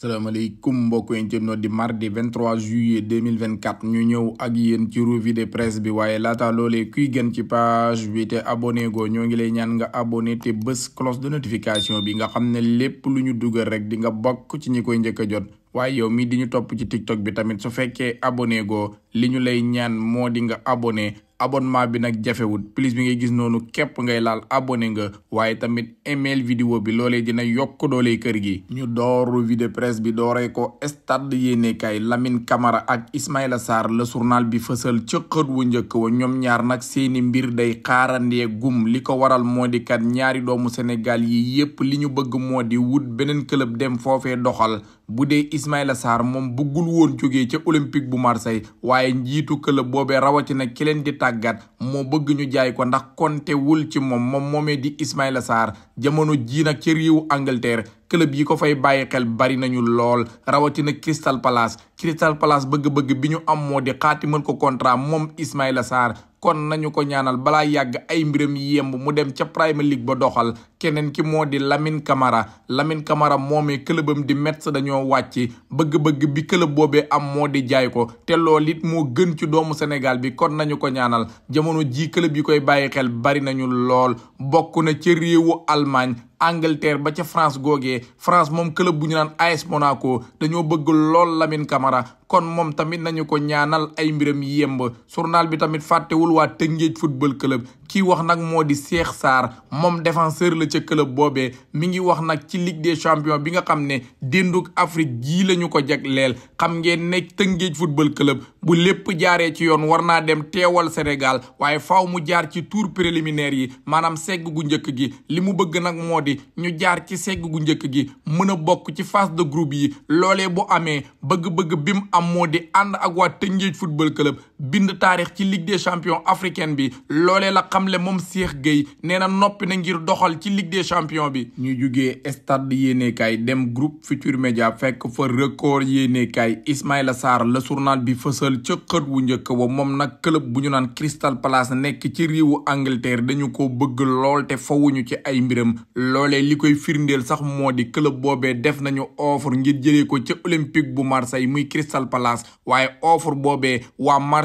salaamaaleykum mbokk internet di mardi 23 juillet 2024 ñu ñëw ak yéen ci revue de presse bi waaye laata loolee kuy gën ci page bi te abonné go ñoo ngi lay ñaan nga abonné te bés cloche de notification bi nga xam ne lépp lu ñu dugal rek di nga bokk ci ñi koy njëkk a jot waaye yow mi di ñu topp ci tiktok bi tamit su fekkee abonné go li ñu lay ñaan moo di nga abonné abonnement bi nag jafewut plus bi ngay gis noonu képp ngay laal abonné nga waaye tamit email vidéo bi loole dina yokk doole kër gi ñu door vie de bi dooree ko stade yéenekaay Lamine Camara ak Ismaïla Sarr la journal bi fësal ca wu njëkk wa ñoom ñaar nag seeni mbir day xaarandee gum li ko waral moo di kat ñaari doomu Sénégal yi yépp li ñu bëgg moo di wut beneen club dem foofee doxal bu dee Ismaïla saar moom bëggul woon jógee ca olympique bu Marseille waaye njiitu club boobe rawatina ki di tàggat moo bëgg ñu jaay ko ndax kontewul ci moom moom moomee di Ismaïla saar jamono jii nag ca réewu Angleterre club yi ko fay bàyyi xel bari nañu lool rawatina Crystal Palace Crystal Palace bëgg-bëgg bi ñu am moo di xaatimal ko contrat moom Ismaïla saar kon nañu ko ñaanal balaa yàgg ay mbiram yemb mu dem ca Premier League ba doxal keneen ki moo di Lamine kamara Lamine kamara moomee këlëbam di Metz dañoo wàcc bëgg-bëgg bi këlëb boobee am moo di jaay ko te lool it moo gën ci doomu Sénégal bi kon nañu ko ñaanal jamono ji këlëb yi koy bàyyi xel bari nañu lool bokk na ca réewu almaañ Angleterre ba ca France googee France moom club bu ñu naan AS Monaco dañoo bëgg lool Lamine Camara kon moom tamit nañu ko ñaanal ay mbiram yemb journal bi tamit fàttewul waa Tëngéej football club kii wax nag moo di Cheikh Sarr moom défenseur la ca club boobee mi ngi wax nag ci Ligue des champions bi nga xam ne dénduk Afrique jii lañu ko jeg leel xam ngeen ne Tëngéej football club bu lépp jaaree ci yoon war naa dem teewal Sénégal waaye faw mu jaar ci tour préliminaire yi maanaam segg njëkk gi bëgg nag moo bi ñu jaar ci segg gu njëkk gi mën a bokk ci phase de groupe yi loole bu amee bëgg-bëgg bi mu am moo di ànd ak waa Tëngéej football club bind taarix ci ligue des champions africaine bi loolee la xamle moom Cheikh Gueye nee na noppi na ngir doxal ci ligue des champions bi. ñu jugee stade yéenekaay dem groupe Futur Média fekk fa record yéenekaay Ismaïla Sarr la journal bi fësal ca xët wu njëkk wa moom nag club bu ñu naan Crystal Palace nekk ci réewu Angleterre dañu ko bëgg lool te fawuñu ci ay mbiram loolee li koy firndeel sax moo di club boobe def nañu offre ngir jëlee ko ca Olympique bu Marseille muy Crystal Palace waaye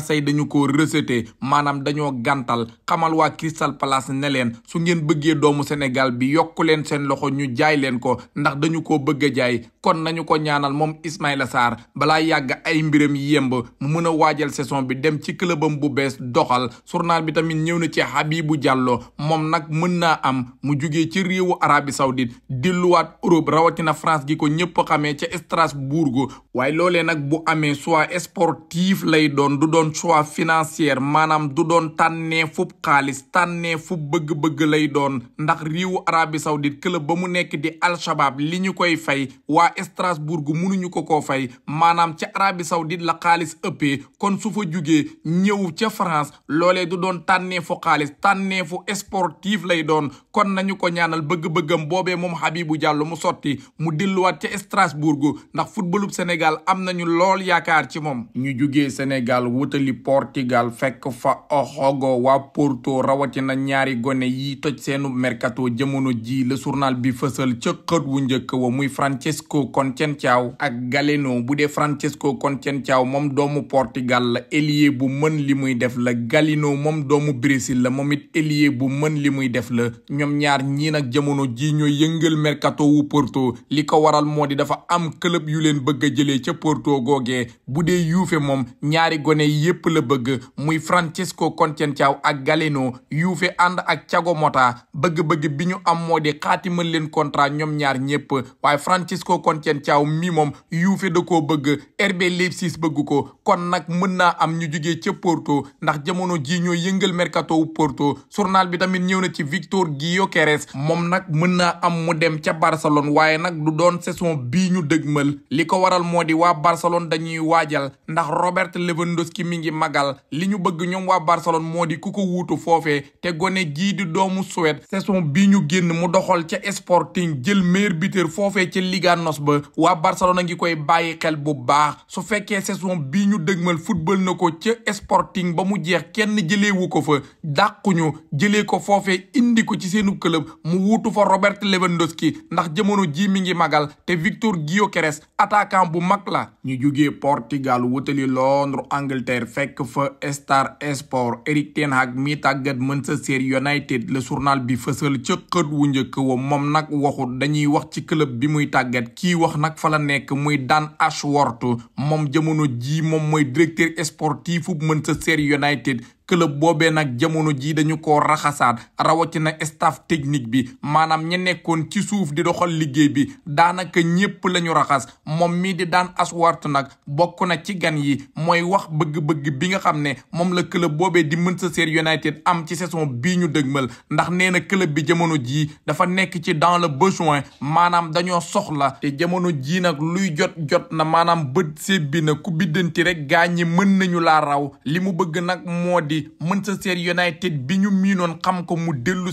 Marseille dañu ko rejeté maanaam dañoo gantal xamal waa Crystal Palace ne leen su ngeen bëggee doomu Sénégal bi yokku leen seen loxo ñu jaay leen ko ndax dañu ko bëgg a jaay kon nañu ko ñaanal moom Ismaïla Sarr balaa yàgg ay mbiram yemb mu mën a waajal saison bi dem ci clubam bu bees doxal journal bi tamit ñëw na ci Habibou jàlloo moom nag mën naa am mu jugee ci réewu Arabie Saoudite delluwaat Europe rawatina France gi ko ñëpp xamee ca Strasbourg waaye loolee nag bu amee soit sportif lay doon du doon choix financière maanaam du doon tànnee fub xaalis tànnee fub bëgg-bëgg lay doon ndax réewu Arabie Saoudite club ba mu nekk di Al Shabab li ñu koy fay waa Strasbourg mënuñu ko koo fay maanaam ca Arabie Saoudite la xaalis ëppee kon su fa jugee ñëw ca France loolee du doon tànnee fu xaalis tànnee fu sportif lay doon kon nañu ko ñaanal bëgg-bëggam boobee moom Habibou Diallo mu sotti mu delluwaat ca Strasbourg ndax footballu Sénégal am nañu lool yaakaar ci moom ñu jugee Sénégal wutal wutali Portugal fekk fa oxogo waa Porto rawatina ñaari gone yi toj seenu mercato jamono ji la surnal bi fësal ca xët wu njëkk wa muy Francesco Conceição ak Galeno bu dee Francesco Conceição moom doomu Portugal la ailier bu mën li muy def la Galeno moom doomu Brésil la moom it ailier bu mën li muy def la ñoom ñaar ñii nag jamono ji ñooy yëngal mercato wu Porto li ko waral moo di dafa am club yu leen bëgg a jëlee ca Porto googee bu dee Juve moom ñaari gone yépp ñëpp la bëgg muy Francesco Conceição ak Galeno Juve ànd ak Thiago Motta bëgg-bëgg bi ñu am moo di xaatimal leen contrat ñoom ñaar ñëpp waaye Francesco Conceição mii moom Juve da koo bëgg RB Leipzig bëgg ko kon nag mën naa am ñu jugee ca Porto ndax jamono jii ñoo yëngal mercato wu Porto journal bi tamit ñëw na ci Victor Gyökeres moom nag mën naa am mu dem ca Barcelone waaye nag du doon saison bii ñu dëgmal li ko waral moo di waa Barcelone dañuy waajal mi ngi magal li ñu bëgg ñoom waa Barcelone moo di ku ko wuutu foofee te gone gii di doomu Suède saison bi ñu génn mu doxal ca Sporting jël meilleur buteur foofee ca Liga NOS ba waa Barcelone a ngi koy bàyyi xel bu baax su fekkee saison bi ñu dëgmal football na ko ca Sporting ba mu jeex kenn jëleewu ko fa dàquñu jëlee ko foofe indi ko ci seenu club mu wuutu fa Robert Lewandowski ndax jamono ji mi ngi magal te Victor Gyökeres attaquant bu mag la ñu jugee Portugal Angleterre fekk fa Star Sport Eric Ten Hag mi tàggat mën Manchester United la journal bi fësal ca xët wu njëkk wa moom nag waxut dañuy wax ci club bi muy tàggat kiy wax nag fa la nekk muy daan Ashworth moom jamono ji moom mooy directeur mën sa Manchester United club boobee nag jamono jii dañu ko raxasaat rawatina staff technique bi maanaam ñi nekkoon ci suuf di doxal liggéey bi daanaka ñépp lañu raxas moom mii di daan aswartu nag bokk na ci gan yi mooy wax bëgg-bëgg bi nga xam ne moom la club boobee di mën sa Manchester United am ci saison bii ñu dëgmal ndax nee na club bi jamono jii dafa nekk ci dans le besoin maanaam dañoo soxla te jamono jii nag luy jot jot na maanaam bët séb bi na ku biddanti rek gaa ñi mën nañu laa raw li bi Manchester United bi ñu miinoon xam ko mu dellu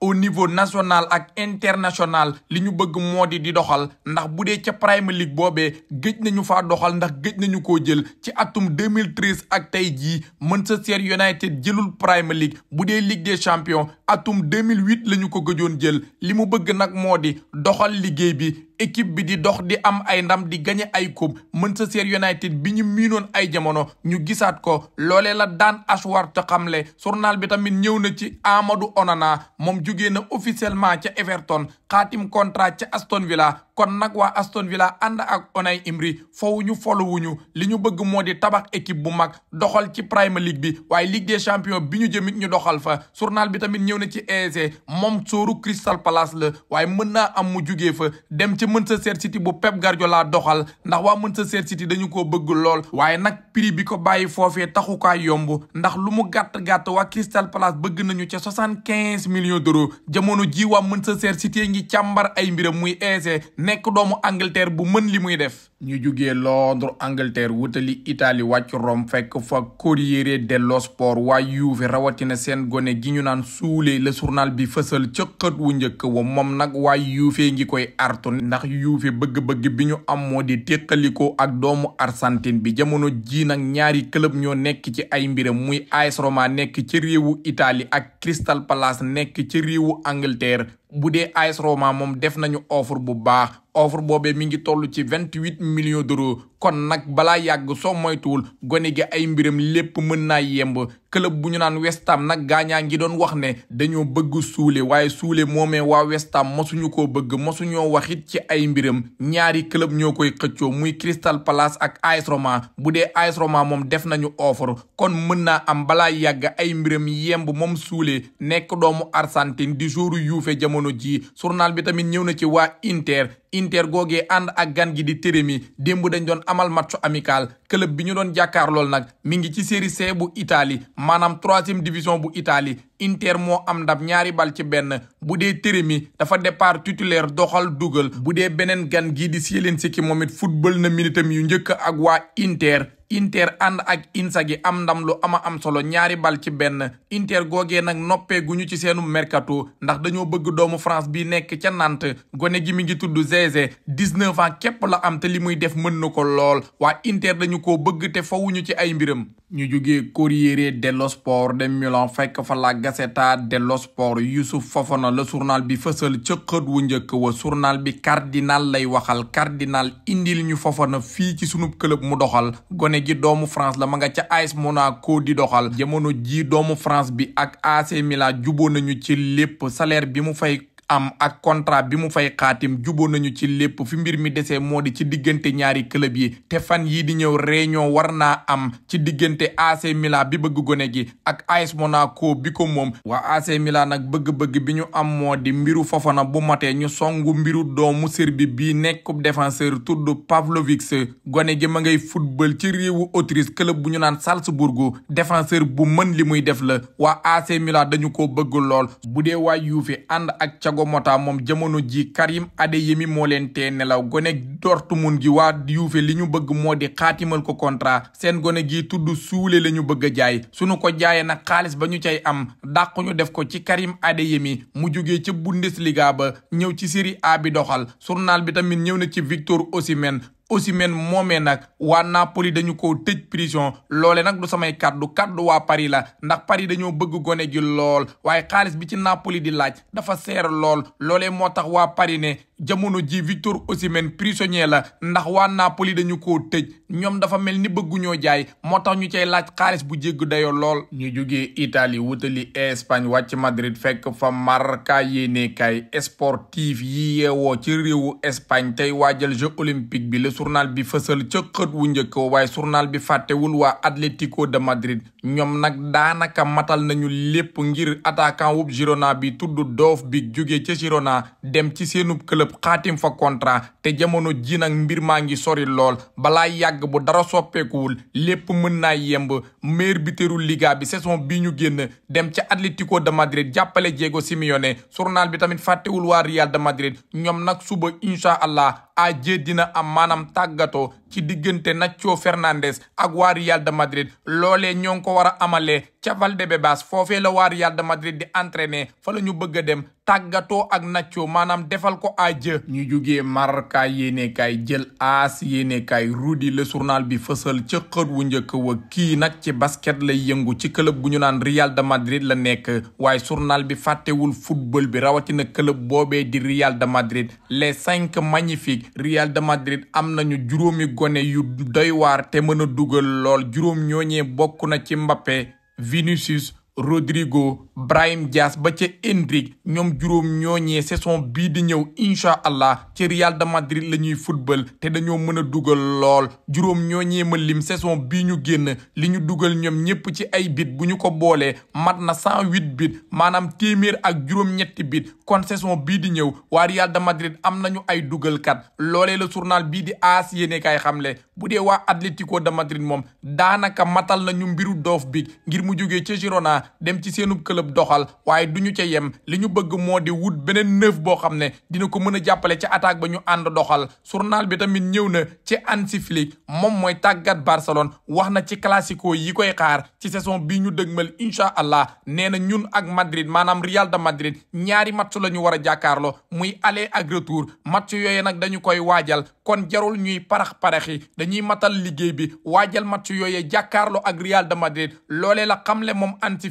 au niveau national ak international li ñu bëgg moo di di doxal ndax bu dee ca Premier League boobee gëj nañu fa doxal ndax gëj nañu koo jël ci atum 2013 ak tey jii Manchester United jëlul Premier League bu dee Ligue des Champions atum 2008 la ñu ko gëjoon jël li mu bëgg nag moo di doxal liggéey bi équipe bi di dox di am ay ndam di gañe ay coupe Manchester United bi ñu miinoon ay jamono ñu gisaat ko loole la daan Ashworth xamle journal bi tamit ñëw na ci Amadou Onana moom jugee na officiellement ca Everton xaatim contrat ca Aston Villa kon nag waa Aston Villa ànd ak Unai Emery foofu ñu foluwuñu li ñu bëgg moo di tabax équipe bu mag doxal ci Premier League bi waaye Ligue des Champions bi ñu jëmit ñu doxal fa sournal bi tamit ñëw na ci AEC moom sóoru Crystal Palace la waaye mën naa am mu jugee fa dem ci Manchester City bu Pep Guardiola doxal ndax waa mën Manchester City dañu ko bëgg lool waaye nag prix bi ko bàyyi foofee taxu kaa yomb ndax lu mu gàtt-gàtt waa Crystal Palace bëgg nañu ca soixante quinze millions d'euros jamono ji waa Manchester City ngi càmbar ay mbiram muy AEC nekk doomu Angleterre bu mën li muy def ñu juge Londres Angleterre wutali Italie wàcc Rome fekk fa Corriere dello Sport waa Juve rawatina seen gone gi ñu naan suulee la journal bi fësal ca wu njëkk wa moom nag waay Juve ngi koy artu ndax Juve bëgg-bëgg bi ñu am moo di téqalikoo ak doomu Argentine bi jamono ji nag ñaari club ñoo nekk ci ay mbiram muy AS Roma nekk ci réewu Italie ak Crystal Palace nekk ci réewu Angleterre bu dee AS Roma moom def nañu offre bu baax offre boobe mi ngi toll ci vingt huit millions d'euros kon nag balaa yàgg soo moytuwul gone gi ay mbiram lépp mën naa yemb club bu ñu naan West nag gaañaa ngi doon wax ne dañoo bëgg suule waaye suule moomee waa West Ham mosuñu koo bëgg mosuñoo wax it ci ay mbiram ñaari club ñoo koy xëccoo muy Crystal Palace ak AS Roma bu dee AS Roma moom def nañu offre kon mën naa am balaa yàgg ay mbiram yemb moom suule nekk doomu Argentine di joueur Juve jamono jii journal bi tamit ñëw na ci waa Inter Inter googee ànd ak gan gi di Teremi démb dañ doon amal match amical club bi ñu doon jàkkaar nag mi ngi ci série C bu itali maanaam troisième division bu itali Inter moo am ndam ñaari bal ci benn bu dee Teremi dafa départ titulaire doxal dugal bu dee beneen gan gii di Zielinski moom it football na minitam yu njëkk ak waa Inter Inter ànd ak Inzaghi am ndam lu ama am solo ñaari bal ci benn Inter googee nag noppeeguñu ci seenu mercato ndax dañoo bëgg doomu France bi nekk ca nant gone ji mi ngi tudd Zeze dix-neuf ans képp la am te li muy def mën na ko lool waa Inter dañu ko bëgg te fawuñu ci ay mbiram ñu jógee Corriere dello Sport de Milan fekk fa la Gazzetta dello Sport Youssouf Fofana la surnal bi fësal ca wu njëkk wa journal bi cardinal lay waxal cardinal indil ñu Fofana fii ci sunub club mu doxal jamono ji doomu France la ma nga ca AS Monaco di doxal jamono ji doomu France bi ak AC Milan juboo nañu ci lépp salaire bi mu fay am ak contrat bi mu fay xaatim juboo nañu ci lépp fi mbir mi desee moo di ci diggante ñaari club yi te fan yii di ñëw réunion war naa am ci diggante AC Milan bi bëgg gone gi ak AS ko bi ko moom waa AC Milan nag bëgg-bëgg bi ñu am moo di mbiru Fofana bu matee ñu songu mbiru doomu Serbi bii nekkub défenseur tudd Pavlovic gone gi ma ngay football ci réewu autrice club bu ñu naan Salzburg défenseur bu mën li muy def la waa AC Milan dañu ko bëgg lool bu dee waa naataango mota moom jamono ji Karim Adeyemi moo leen tee nelaw gone Dortmund gi waa Juve li ñu bëgg moo di xaatimal ko contrat seen gone gi tudd suule la ñu bëgg a jaay suñu ko jaayee nag xaalis ba ñu cay am dàq ñu def ko ci Karim Adeyemi mu jógee ca Bundesliga ba ñëw ci Serie A bi doxal journal bi tamit ñëw na ci Victor Osimhen aussi Osimhen moomee nag waa Napoli dañu ko tëj prison loole nag du samay kàddu kàddu waa pari la ndax Paris dañoo bëgg gone gi lool waaye xaalis bi ci Napoli di laaj dafa seer lool loole moo tax waa pari ne jamono ji Victor Osimhen prisonnier la ndax waa Napoli dañu koo tëj ñoom dafa mel ni bëgguñoo jaay moo tax ñu cay laaj xaalis bu jégg dayoo lool. ñu jógee Italie wutali Espagne wàcc Madrid fekk fa Marca yéenekaay sportif yi yeewoo ci réewu Espagne tey waajal jeu olympique bi le journal bi fësal ca wu njëkk waaye journal bi fàttewul waa Atlético de Madrid ñoom nag daanaka matal nañu lépp ngir attaquant wu Girona bi tudd doof bi jógee ca Girona dem ci seenub club club xaatim fa te jamono ji nag mbir maa ngi sori lool balaa yàgg bu dara soppeekuwul lépp mën naa yemb meilleur buteuru liga bi saison bi ñu génn dem ca Atlético de Madrid jàppale Diego Simeone journal bi tamit fàttewul waa Real de Madrid ñoom nag suba incha allah aje dina am maanaam tàggatoo ci diggante Nacho Fernandez ak waa Real de Madrid loolee ñoo ngi ko war a amalee ca Valdebebas foofee la waa Real de Madrid di entraîner fa la ñu bëgg a dem tàggatoo ak Nacho maanaam defal ko aje ñu jugee marka yéene jël AS yéene kay Rudy le journal bi fësal ca wu njëkk wa kii nag ci basket lay yëngu ci club bu ñu naan Real de Madrid la nekk waaye surnal bi fàttewul football bi rawatina club boobee di Real de Madrid les cinq magnifiques Real de Madrid am nañu juróomi gone yu doy waar te mën a dugal lool juróom bokk na ci Mbappé Vinicius Rodrigo Brahim Diaz ba ca Endrick ñoom juróom ñooñee saison bii di ñëw incha allah ci Real de Madrid la ñuy football te dañoo mën a dugal lool juróom ñooñee ma lim saison bii ñu génn li ñu dugal ñoom ñëpp ci ay bit bu ñu ko boolee mat na sant huit bit maanaam téeméer ak juróom-ñetti bit kon saison bii di ñëw waa Real de Madrid am nañu ay dugalkat loolee la journal bii di AS yéene kay xamle bu dee waa Atlético de Madrid moom daanaka matal nañu mbiru doof bi ngir mu jógee ca Girona dem ci seenub club doxal waaye du ñu ca yem li ñu bëgg moo di wut beneen neuf boo xam ne dina ko mën a jàppale ca attaque ba ñu ànd doxal surnaal bi tamit ñëw na ci Hansi Flick moom mooy tàggat Barcelone wax na ci classico yi koy xaar ci saison bi ñu dëgmal incha allah nee na ñun ak Madrid maanaam Real de Madrid ñaari match la ñu war a jàkkaarloo muy aller agretour retour match yooyu nag dañu koy waajal kon jarul ñuy parax-paraxi dañuy matal liggéey bi waajal match yooyee jàkkaarloo ak Real de Madrid loolee la xamle moom Hansi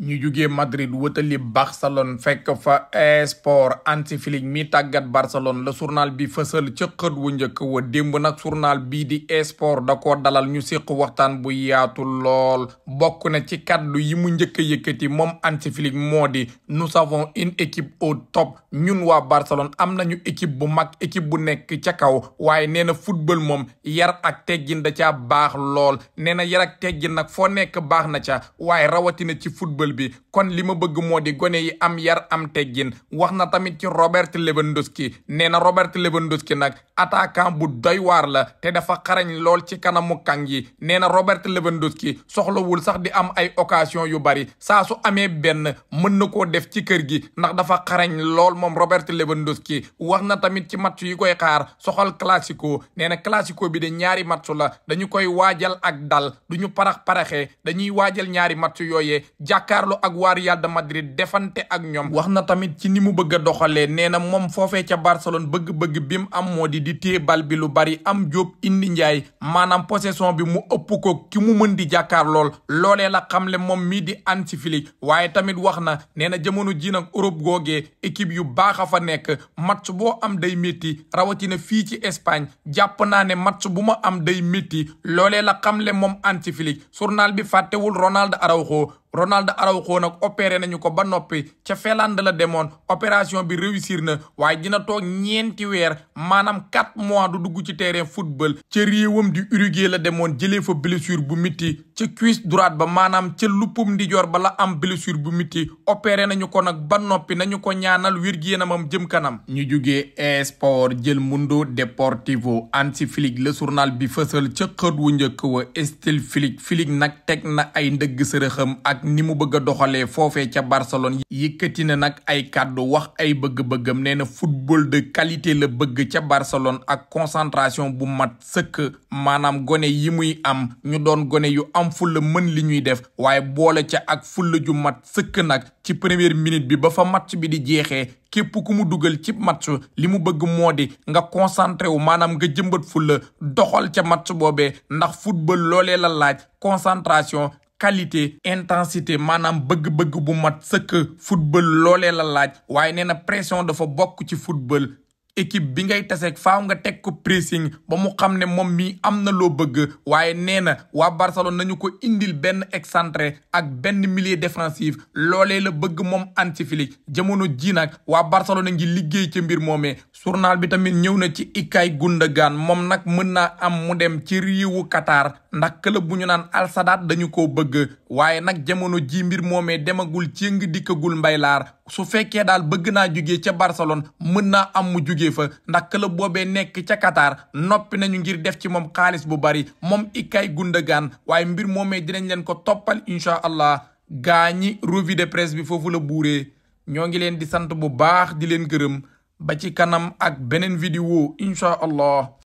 ñu jugee Madrid wëtali Barcelone fekk fa esport antifiling mi tàggat Barcelone la journal bi fësal ca xët wu njëkk wa démb nag journal bii di esport da dalal ñu séq waxtaan bu yaatu lool bokk na ci kàddu yi mu njëkk a moom antifiling moo di nu avons une équipe au top ñun waa Barcelone am nañu équipe bu mag équipe bu nekk ca kaw waaye nee na football moom yar ak teggin da caa baax lool nee na yar ak teggin nag foo nekk baax na ca waaye rawatina ci football bi kon li ma bëgg moo di gone yi am yar am teggin wax na tamit ci Robert Lewandowski nee na Robert Lewandowski nag attaquant bu doy waar la te dafa xarañ lool ci kanamu kàng yi nee na Robert Lewandowski soxlawul sax di am ay occasion yu bari saa su amee benn mën na koo def ci kër gi ndax dafa xarañ lool moom Robert Lewandowski wax na tamit ci match yi koy xaar soxal classico nee na classico bi de ñaari match la dañu koy waajal ak dal duñu parax paraxee dañuy waajal jàkkaarloo ak waa Real de Madrid defante ak ñoom wax na tamit ci ni mu bëgg a doxalee nee na moom foofee ca Barcelone bëgg-bëgg bi mu am moo di di téye bal bi lu bari am Diop indi Ndiaye maanaam possession bi mu ëpp ko ki mu mën di jàkkaarlool loolee la xamle moom mii di Hansi Flick waaye tamit wax na nee na jamono ji nag Europe googee équipe yu baax a fa nekk match boo am day métti rawatina fii ci Espagne jàpp naa ne match bu ma am day métti loolee la xamle moom Hansi Flick journal bi fàttewul Ronald Araujo Ronald Araujo nag opéré nañu ko ba noppi ca Finlande la demoon opération bi réussir na waaye dina toog ñeenti weer maanaam quatre mois du dugg ci terrain football ca réewam di Uruguay la demoon jëlee fa bu mitti ca cuisse droite ba maanaam ca luppum ndijoor ba la am blessure bu metti opéré nañu ko nag ba noppi nañu ko ñaanal wér gi yaramam jëm kanam ñu jugee spoor jël Mundo Deportivo Hansi Flick le journal bi fësal ca xët wu njëkk wa style Flick Flick nag teg na ay ndëgg sërëxam ak ni mu bëgg a doxalee foofee ca Barcelone yëkkati na nag ay kàddu wax ay bëgg-bëggam nee na football de qualité la bëgg ca Barcelone ak concentration bu mat sëkk maanaam gone yi muy am am fulla mën li ñuy def waaye boole ca ak fulla ju mat sëkk nag ci première minute bi ba fa match bi di jeexee képp ku mu dugal ci match li mu bëgg moo di nga concentré wu maanaam nga jëmbat fulla doxal ca match boobee ndax futbal loolee la laaj concentration qualité intensité maanaam bëgg-bëgg bu mat sëkk football loole la laaj waaye nee na pression dafa bokk ci football équipe bi ngay taseeg faaw nga teg ko pressing ba mu xam ne moom mii am na loo bëgg waaye nee na waa Barcelone nañu ko indil benn excentre ak benn milieu défensif loole la bëgg moom Hansi jamono ji nag waa Barcelone ngi liggéey ci mbir moomee journal bi tamit ñëw na ci Ilkay Gundogan moom nag mën naa am mu dem ci réewu Qatar ndax club bu ñu naan Al dañu ko bëgg waaye nag jamono ji mbir moomee demagul cëng dikkagul mbaylaar su fekkee daal bëgg naa jugee ca Barcelone mën naa am mu jugee fa ndax club boobee nekk ca Qatar noppi nañu ngir def ci moom xaalis bu bari moom Ilkay Gundogan waaye mbir moomee dinañ leen ko toppal incha allah gaa ñi revue de presse bi foofu la buuree ñoo ngi leen di sant bu baax di leen gërëm ba ci kanam ak beneen vidéo incha allah